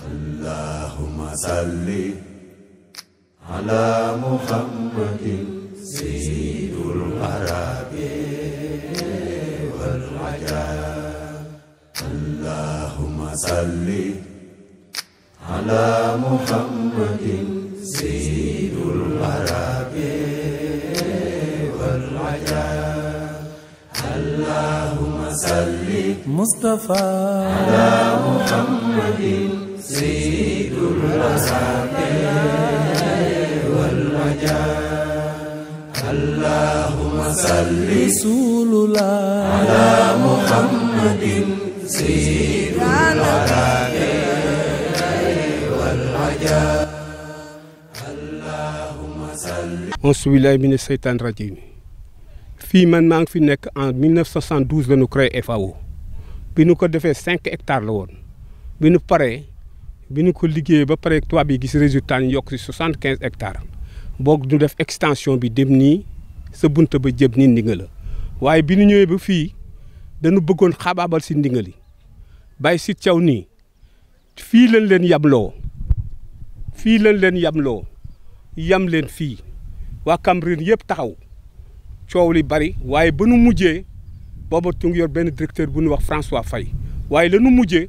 اللهم صل على محمد سيد العرب والعجاب اللهم صل على محمد سيد العرب والعجاب اللهم صل مصطفى على محمد سيد الرخاء والرجاء اللهم صل رسول الله على محمد سيد الرخاء والرجاء اللهم صل أعوذ بالله من الشيطان الرجيم fii man maa ngi fi nekk en 1972 la ñu créé FAO bi ñu ko defee 5 hectares la woon bi ñu paree bi ñu ko liggéeyee ba pare tubaab yi gis résultat ñu yokk si soixante quinze hectares boog ñu def extension bi dem nii sa bunta ba jëm nii ndinga la waaye bi nu ñëwee ba fii danu bëggoon xabaabal si ndingali bay si caw nii fii lañ leen yamloo fii lañ leen yamloo yam leen fii waa Cambérène yëpp taxaw coow li bari waaye ba nu mujjee booba tu ngi benn directeur bu ñu wax François fay waaye la nu mujjee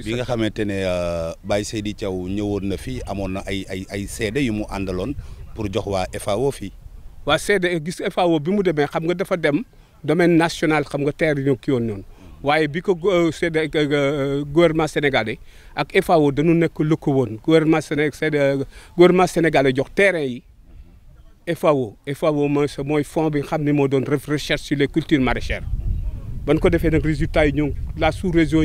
bi nga que euh, Baye Seydi tiaw ñewoon na fi amon ay ay pour jox FAO FAO bi mu dem domaine national xam nga terre ñu waye euh, euh, gouvernement sénégalais ak FAO dañu lu gouvernement gouvernement sénégalais jox terrain yi. FAO FAO recherche sur les cultures maraîchères ban ko fait fait résultat la sous-région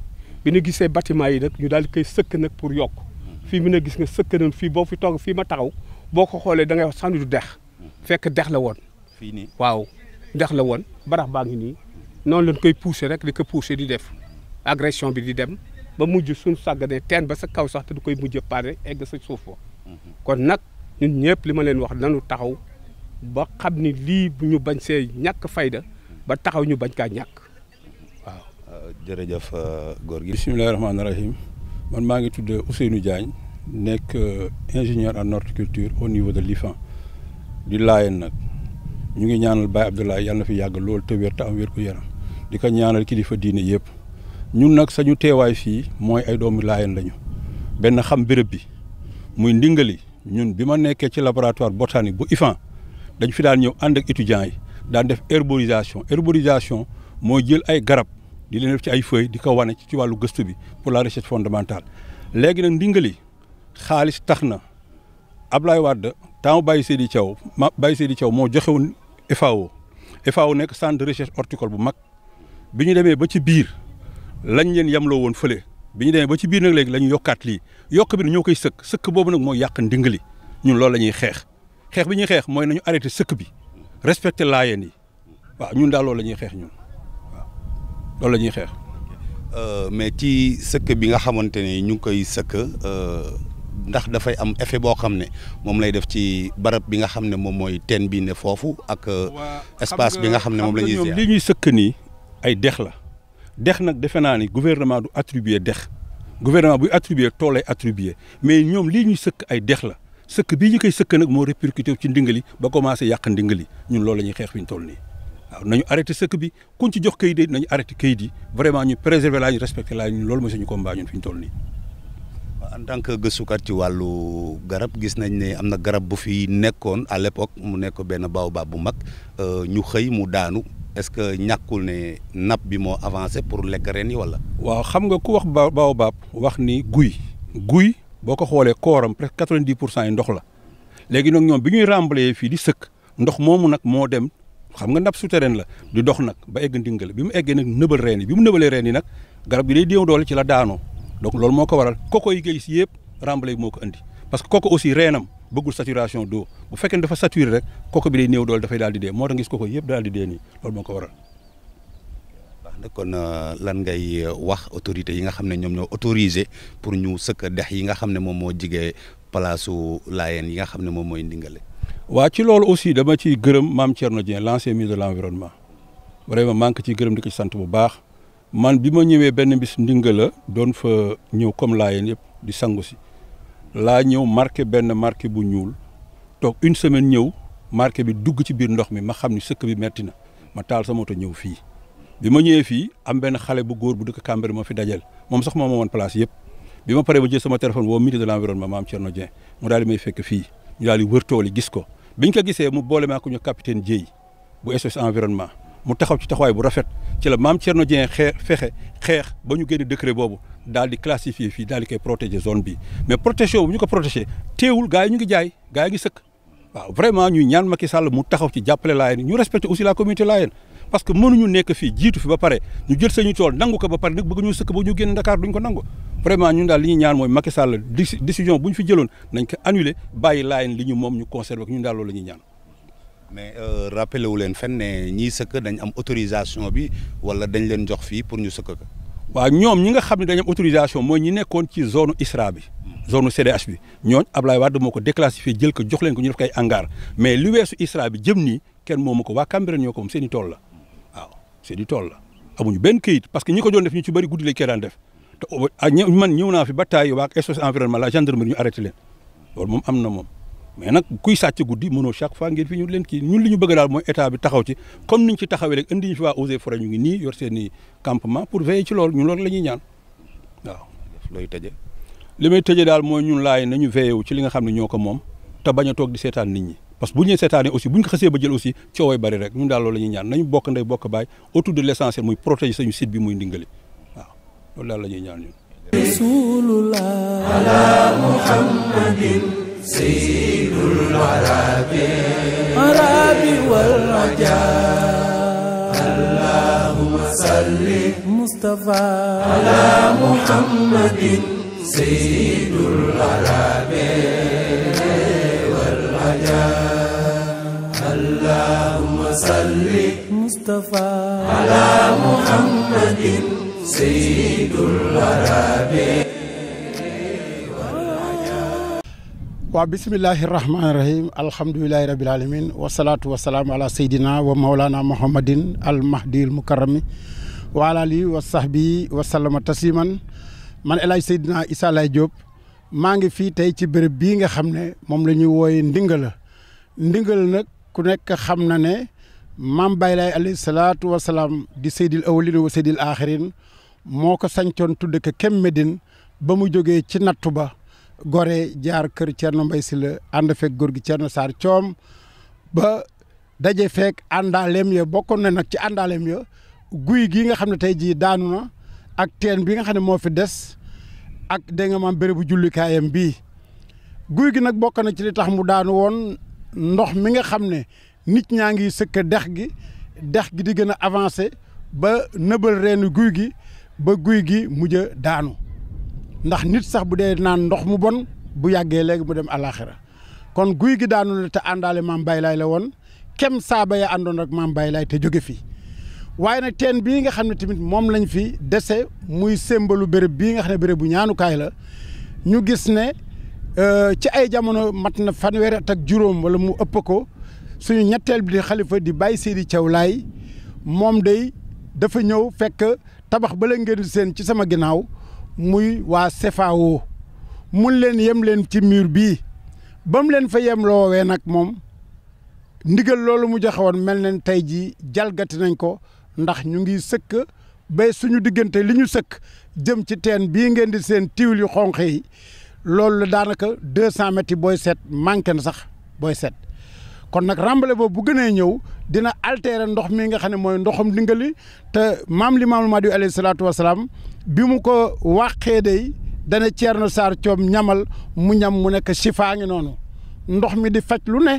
bi ñu gisee bâtiment yi nak ñu dal di koy sëkk nag pour yok fi mu ne gis nga sëkk na fi bo fi tok fi ma taxaw boko xolé da ngay wax sax du dex fekk dex la won fi ni waaw dex la won barax ba ngi ni non lañ koy pousser rek li ko pousser di def agression bi di dem ba mujj suñu sagane teen ba sa kaw sax te du koy mujj paare egg sa suuf ba kon nak ñun ñepp li ma leen wax nanu taxaw ba xamni li bu ñu bañ see ñàkk fayda ba taxaw ñu bañ ka ñak jërëjëf euh, góor gi. bisimilah rahmaani rahim man maa ngi tudd Ousseynou Diagne nekk euh, ingénieur en horticulture au niveau de l'IFAN di Laayeen nag ñu ngi ñaanal Baye Abdoulaye yàlla na fi yàgg lool te wér te am wér ku yaram di ko ñaanal kilifa diine yépp ñun nag sañu teewaay fii mooy ay doomu Laayeen lañu benn xam béréb bi muy ndingali ñun bi ma nekkee ci laboratoire botanique bu IFAN dañ fi daan ñëw ànd ak étudiant yi daan def herborisation herborisation moo jël ay garab. di leen def ci ay feuilles di ko wane ci wàllu gëstu bi pour la recherche fondamentale léegi nag ndingali xaalis tax na Ablaye Wade temps Baye Seydi Thiaw ma Baye Seydi caw moo joxe woon FAO FAO nekk centre de recherche horticole bu mag bi ñu demee ba ci biir lañ leen loo woon fële bi ñu demee ba ci biir nag léegi la ñu yokkaat lii yokk bi ñoo koy sëkk sëkk boobu nag mooy yàq ndingali ñun loolu la ñuy xeex xeex bi ñuy xeex mooy nañu arrêté sëkk bi respecté laayeen yi waaw ñun daal la ñuy xeex ñun. loolu la ñuy xeex. Euh, mais ci sëkk bi nga xamante ni ñu ngi koy sëkk euh, ndax dafay am effet boo xam ne moom lay def ci barab bi nga xam ne moom mooy teen bi ne foofu ak. Euh, espace bi nga xam ne moom la ñuy ziar li ñuy sëkk nii ay dex la dex nag defe naa ni gouvernement du attribuer dex gouvernement buy attribuer tool lay attribuer mais ñoom lii ñuy sëkk ay dex la sëkk bii ñu koy sëkk nag moo répercuté ci ndingali ba commencé yàq ndingali ñun loolu la ñuy xeex fi ñu toll nii. waaw nañu arrêté sëkk bi ku ci jox kayit yi nañu arrêté kayit yi vraiment ñu préserver laa ñu respecté laa ñu loolu mooy suñu combat ñun fi ñu toll nii. en tant que gëstukat ci wàllu garab gis nañ ne am na garab bu fi nekkoon à l'époque mu nekk benn baab bu mag euh, ñu xëy mu daanu est-ce que ñàkkul ne nap bi moo avancé pour lekk reen yi walla. waaw xam nga ku wax baobab wax ni guy. guy boo ko xoolee kooram presque quatre-vingt-dix pour cent yi ndox la léegi nag ñoom bi ñuy remblé fii di sëkk ndox moomu nag moo dem. xam nga nappe souterraine la di dox nag ba egg ndingal bi mu eggee nag nëbal reen bi mu nëbalee reen yi nag garab gi day déew doole ci la daano donc loolu moo ko waral koko yi ngay si yëpp remblai moo ko andi parce que koko aussi reenam bëggul saturation d'eau bu fekkee dafa saturé rek koko bi day néew doole dafay daal di dee moo tax gis koko yëpp daal di dee nii loolu moo ko waral kon euh, lan ngay euh, wax autorités yi nga xam ne ñoom ñoo autorisé pour ñu sëkk dex yi nga xam ne moom moo jigee palaasu laayeen yi nga xam ne moom mooy ndingale waa ci loolu aussi dama ciy gërëm maam Thierno Dieng l'ancien ministre de l'environnement vraiment maa ngi ko ciy gërëm di ko ci sant bu baax man bi ma ñëwee benn bis ndinga la doon fa ñëw comme laayeen yëpp di sangu si ñëw marqué Ben, marqué bu ñuul une semaine ñëw marqué bi dugg ci biir ndox mi ma xamni ni sëkk bi metti na ma taal sa moto ñëw fi bi ma ñëwee fii am ben xalé bu goor bu dëkk Cambéré ma fi dajal mom sax mom won place yépp bi ma paree ba jël sama téléphone wo ministre de l'environnement maam Thierno Dieng mu daal may fekk fi ñu daal di wër que gis ko biñ ko gisee mu ko ñu capitaine Dieye bu SOS environnement mu taxaw ci taxawaay bu rafet ci la maam Thierno Dieng xee fexe décret di classifier protéger zone bi mais protection bu ñu ko protéger gars ñu ngi jaay gars yi ngi waaw vraiment ñuy ñaan Macky mu taxaw ci ñu respecter aussi la communauté parce que mënuñu nekk fii jiitu fi ba pare ñu jël ba vraiment ñun dal li ñaan moy Macky Sall décision buñ fi jëlone nañ ko annuler bàyyi line li ñu moom ñu conserver ko ñun dal loolu la ñaan. mais euh, rappelé wu len fenn ñi sëkk dañ am autorisation bi wala dañ leen jox fi pour ñu sëkk ko. waaw ñoom ñi nga xamni dañ am autorisation moy ñi nekkon ci zone ISRA bi. zone CDH bi ñooñ Ablaye Wade moko déclassifier jël ko jox leen ko ñu def kay hangar mais li weesu ISRA bi jëm ni ken momako wa waa ñoko ñoo ko seen tool la waaw c'est du tool la amuñu ben keuyit parce que ñi ko doon def ñu ci bari goudi lañ kéran def. te man ñëw naa fi ba taay waa SOS environnement la gendarmerie ñu arrêté leen loolu moom am na moom mais nag kuy sàcc guddi mënoo chaque fois ngeen fi ñu leen kii ñun li ñu bëgg daal mooy état bi taxaw ci comme niñ ci taxawee rek indi ñu fi waa Eaux et Forêts ñu ngi nii i campement pour veiller ñun loolu la ñaan waaw. looy daal mooy ñun laay nañu veillé wu ci li nga xam ne ñoo ko moom te bañ a toog di seetaan nit ñi parce que bu ñu seetaanee aussi bu ñu ko xasee ba jël aussi cooway bari rek ñun loolu daal la ñuy ñaan ñun rasulullah ala muhammadin sayyidul arabi arabi wal ajam allahumma salli mustafa ala muhammadin sayyidul arabi wal ajam allahumma salli mustafa ala muhammadin سيد الأرابي وبسم الله الرحمن الرحيم الحمد لله رب العالمين والصلاة والسلام على سيدنا ومولانا محمد المهدي المكرم وعلى لي وصحبه وسلم تسليما من إلى سيدنا إسحاق الجوب ما عندي في تي تبر بين خمنة مملني وعي دينغلا دينغلا نك كنك خمنة نه مام بايلاي عليه الصلاة والسلام دي سيد الأولين وسيد الآخرين moo ko sañcoon tudd ko kem Medine ba mu jógee ci nattu ba gore jaar kër Thierno Mbaye si la ànd fekk góor gi Thierno Sarr coom ba daje fekk àndaaleem ya bokkoon na nag ci àndaaleem ya guy gii nga xam ne tey jii daanu na ak teen bi nga xam ne moo fi des ak dégg nga bérébu jullikaayam bii guy gi nag bokk na ci li tax mu daanu woon ndox mi nga xam ne nit ñaa ngi sëkk dex gi dex gi di gën a avancé ba nëbal reenu guy gi ba guy gi mujj a daanu ndax nit sax bu dee naan ndox mu bon bu yàggee léegi mu dem àllaaxira kon guy gi daanu la te àndaale maam baylaay la woon kem saaba ya àndoon rek maam baylaay te jóge fi waaye nag teen bii nga xam ne tamit moom lañ fi dese muy sémbalu béréb bii nga xam ne béréb bu ñaanukaay la ñu gis ne euh, ci ay jamono mat na fanweeri at ak juróom wala mu ëpp ko suñu ñetteel bi di xalifa di bàyyi Seydi Thiaw Laay moom day dafa ñëw fekk tabax ba la ngeen seen ci sama ginnaaw muy waa CFAO mun leen yem leen ci mur bii ba mu leen fa yem loowee nag moom ndigal loolu mu joxewoon mel neen tey jii jalgati nañ ko ndax ñu ngi sëkk bay suñu diggante li ñu sëkk jëm ci teen bii ngeen di seen tiwil yu xonq yi loolu la daanaka deux cent mètres booy seet manqué na sax booy seet kon nag remblai boobu bu gënee ñëw dina altérer ndox mi nga xam ne mooy ndoxam li te maam li maamul Maadi alayhi salaatu wasalaam bi mu ko waxee day dana Ceerno Saar coom ñamal mu ñam mu nekk sifaa ngi noonu ndox mi di faj lu ne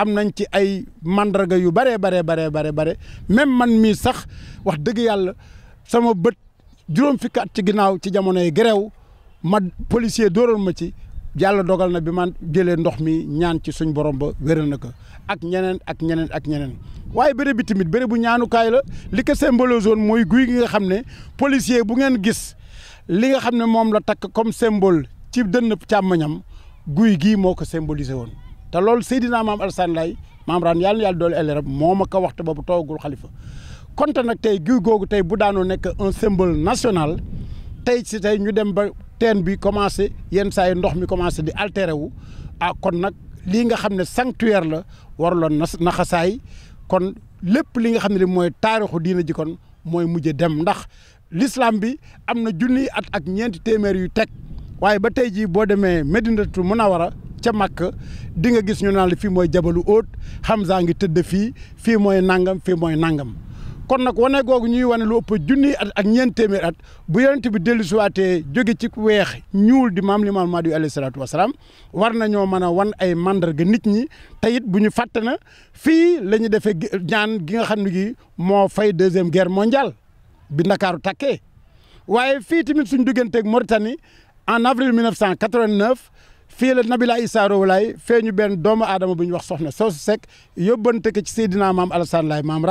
am nañ ci ay mandarga yu baree baree baree bare bare même man mii sax wax dëgg yàlla sama bët juróom fukki at ci ginnaaw ci jamonoy gerew ma policier dóoroon ma ci yàlla dogal na bi man jëlee ndox mi ñaan ci suñ borom ba wéral na ko ak ñeneen ak ñeneen ak ñeneen waaye béréb bi tamit béréb bu ñaanukaay la li ko symbolise woon mooy guy gi nga xam ne policier bu ngeen gis li nga xam ne moom la takk comme symbole ci dënn càmmañam guy gii moo ko symbolisé woon te loolu Seydina Maam Alassane Laye maam raan yàlla yàlla doole eleram moo ma ko waxtu boobu toogul xalifa konte nag tey guy googu tey bu daanoo nekk un symbole national tey ba teen bi commencé yenn saa yi ndox mi commencé di altéré wu ah kon nag lii nga xam ne sanctuaire la waruloon na naxasaay kon lépp li nga xam ne di mooy taarixu diina ji kon mooy mujj dem ndax l'islam bi am na junniy at ak ñeenti téeméer yu teg waaye ba tey jii boo demee Medinatu Munawara ca Makka di nga gis ñu naa la fii mooy jabalu óot Hamza ngi tëdd fii fii mooy nangam fii mooy nangam kon nag wane googu ñuy wane lu ëpp junni at ak ñeent téeméer at bu yonent bi dellu siwaatee jóge ci weex ñuul di maam limaam Mahdi alayhi salaatu wasalaam war nañoo mën a wan ay mandarga nit ñi te bu ñu fàtte na fii la defe defee ñaan gi nga xam ne gi moo fay deuxième guerre mondiale bi ndakaaru takkee waaye fii tamit suñ digganteeg Mauritanie en avril 1989 fii la Nabila Issa Rouhou Laye feeñu benn doomu aadama bu ñu wax soxna soosu Seck yóbbante ko ci Seydina maam Alassane Laye maam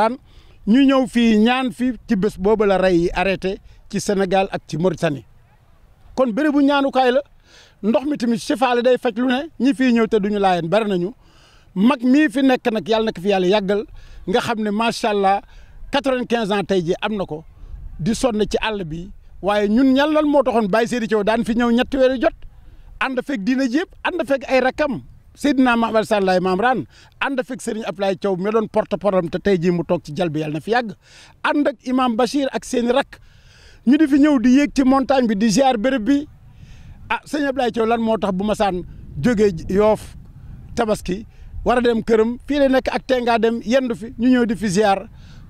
ñu ñëw fii ñaan fi ci bés boobu la rey yi arrêté ci Sénégal ak ci Mauritanie kon bérébu ñaanukaay la ndox mi tamit sifaale day faj lu ne ñi fii ñëw te duñu laayeen bari nañu mag mii fi nekk nag yàlla na ko fi yàlla yàggal nga xam ne macha allah quatre-vingt-quinze ans tey jii am na ko di sonn ci àll bi waaye ñun ñal lan moo taxoon Baye Seydi Thiaw daan fi ñëw ñetti weer jot ànd fekk diina jépp ànd fekk ay rakam Seydina Mahamad Sallaay maam raan ànd fekk Serigne Ablaye Thiaw mi doon porte parole te tey jii mu toog ci jal bi yàlla na fi yàgg ànd ak imam Bachir ak seen i rakk ñu di fi ñëw di yéeg ci montagne bi di ziar béréb bi ah Serigne Ablaye lan moo tax bu masaan saan jógee yoof tabaski war a dem këram fii la nekk ak tengaa dem yendu fi ñu ñëw di fi ziar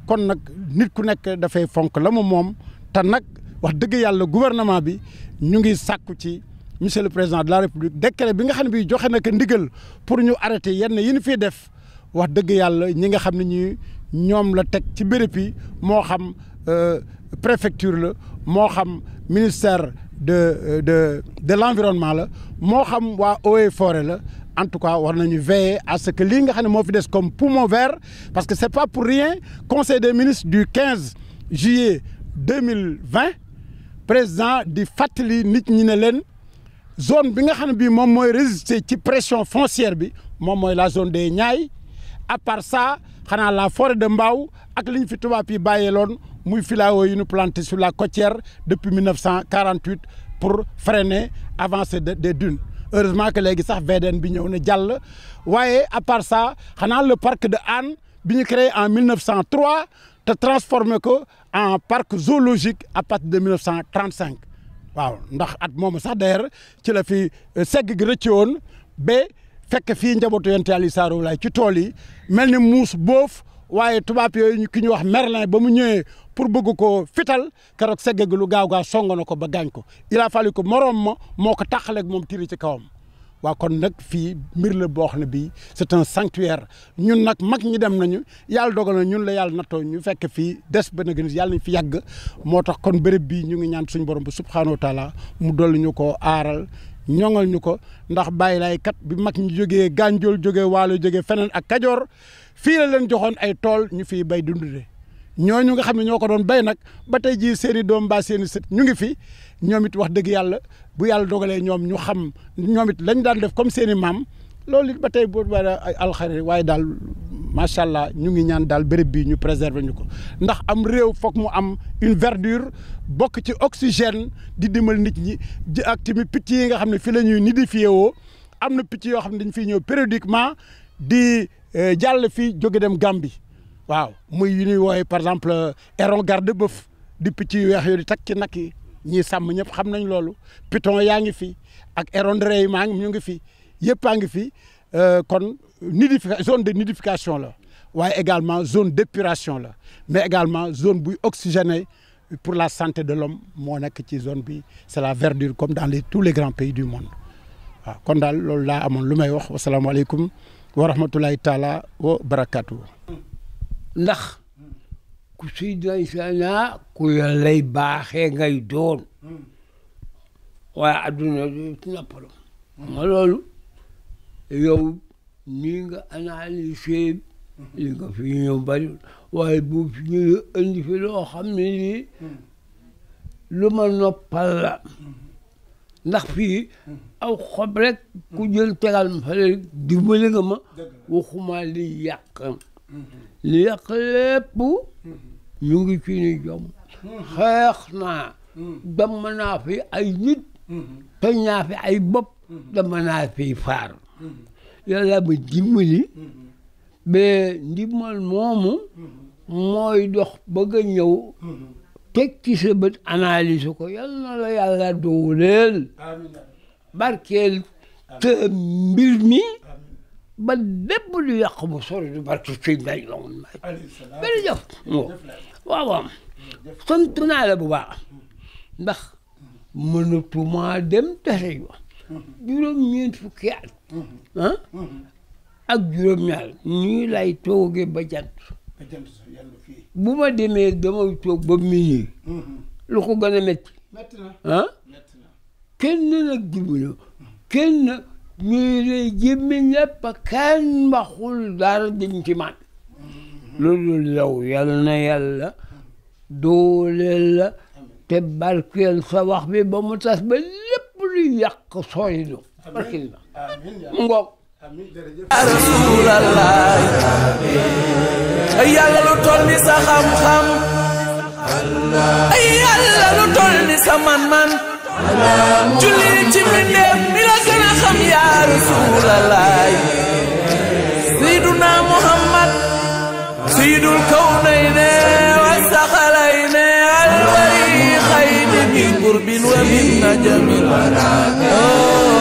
kon nag nit ku nekk dafay fonk la mu moom tan nag wax dëgg yàlla gouvernement bi ñu ngi sàkku ci monsieur le président de la république décret bi nga xam ne bii joxe na ndigal pour ñu arrêter, yenn avez ñu def wax deug yalla ñi nga xamni ñi ñom la tek ci béréb yi moo xam euh, préfecture la mo xam ministère de euh, de de l'environnement la mo xam wa forêt la en tout cas war nañu veiller à ce que li nga xamni mo fi dess comme poumon vert parce que c'est pas pour rien conseil des ministres du 15 juillet 2020 président di fàttali nit ñi ne len zone bi nga à la pression foncière bi la zone des ñaay à part ça la forêt de Mbaou, ak liñ fi muy sur la côtière depuis 1948 pour freiner l'avancée des dunes heureusement que les sax VDN bi ñëw na à part ça le parc de Anne bi créé en 1903 te transformé en parc zoologique à partir de 1935. waaw ndax at moomu sax der ci la fi euh, segg gi rëcce woon be fekk fii njabootu yonent Aliou Sarr Rawlaay ci tool yi mel ni muus boof waaye tubaab yooyu ki ñuy wax Merlin ba mu ñëwee pour bëgg ko fital keroog segg gi lu gaaw gaaw song na ko ba gaañ ko il a fallu que moroom ma moo ko tàqaleeg moom tiri ci kawam. waa kon nag fii mbir la boo xam ne bii c'est un sanctuaire ñun nag mag ñi dem nañu yàlla dogal na ñun la yàlla nattoo ñu fekk fii des ba nag yàlla nañ fi yàgg moo tax kon béréb bii ñu ngi ñaan suñu borom bu subxanahu wa taala mu dollu ñu ko aaral ñoŋal ñu ko ndax bàyyi laay kat bi mag ñi jógee Gànjool jógee Waalo jógee feneen ak Kajoor fii la leen joxoon ay tool ñu fiy bay ñoo ñu nga xam ne ñoo ko doon bay nag ba tey jii seeni doom mbaa seen i ñu ngi fi. Nous wax deug yalla bu yalla dogalé ñu xam daan def comme seen mam loolu ba ay alkhari way dal ñu ngi ñaan préserver ndax am am une verdure bokk ci oxygène di dimbal nit ñi ak timi yi nga di euh, Gambie waaw muy des ñuy par exemple héron euh, garde-bœuf di ni sàmm ñëpp xam nañ loolu piton yaa fi ak érondre yi maa ñu ngi fi yëpp a ngi fi euh, kon nidification zone de nidification la waaye également zone d'épuration la mais également zone bu oxygénée pour la santé de l'homme mo nekk ci zone bi c'est la verdure comme dans les tous les grands pays du monde wa kon dal lolu la amone lu may wax wasalaamaaleykum wa rahmatulahi taala wa barakaatu. ndax. ku si doy sa naa ku yàllay baaxee ngay doon waaye adduna du ci noppalu ma loolu yow nii nga analysé li nga fi waaye bu fi ñu indi fi loo xam ne lii lu ma noppal la fii aw xob ku jël tegal ma fale dimbali nga ma waxuma li yàq ليقلب يجيني يوم خيخنا دمنا في أي جد كنا في أي باب دمنا في فار يلا بجملي بنجمل مومو ما يدخ بغنيو تكي سبت أناليسوكو يلا لا يلا دوليل باركيل تمبرمي آمين ba lépp lu yàq bu sori du barke ci mbay loon may jërëjëf waaw waaw sant mm, naa la bu baax ndax mënatuma dem tase yo mm-hmm. juróom-ñeent fukki at mm-hmm. ah mm-hmm. juróom-ñaar ñii lay tooge ba jant bu ma demee damay toog ba minuit lu ko gën a métti ah kenn nag jublu kenn miire jëmmi ñépp kenn waxul dara dim ci man loolu yow yal na yàlla dooleel la te barkeel sa wax bi ba mu tas ba lépp lu yàq sooy do barkeel na mu ngoog rasulallah yàlla lu toll ni sa xam-xam yàlla lu toll ni sa man-man julli ci mbindeef yaa rasulallah sayyiduna muhammad sayyidul kawnayni was saxalayni al wari xayni min qurbin wa min najamin oh.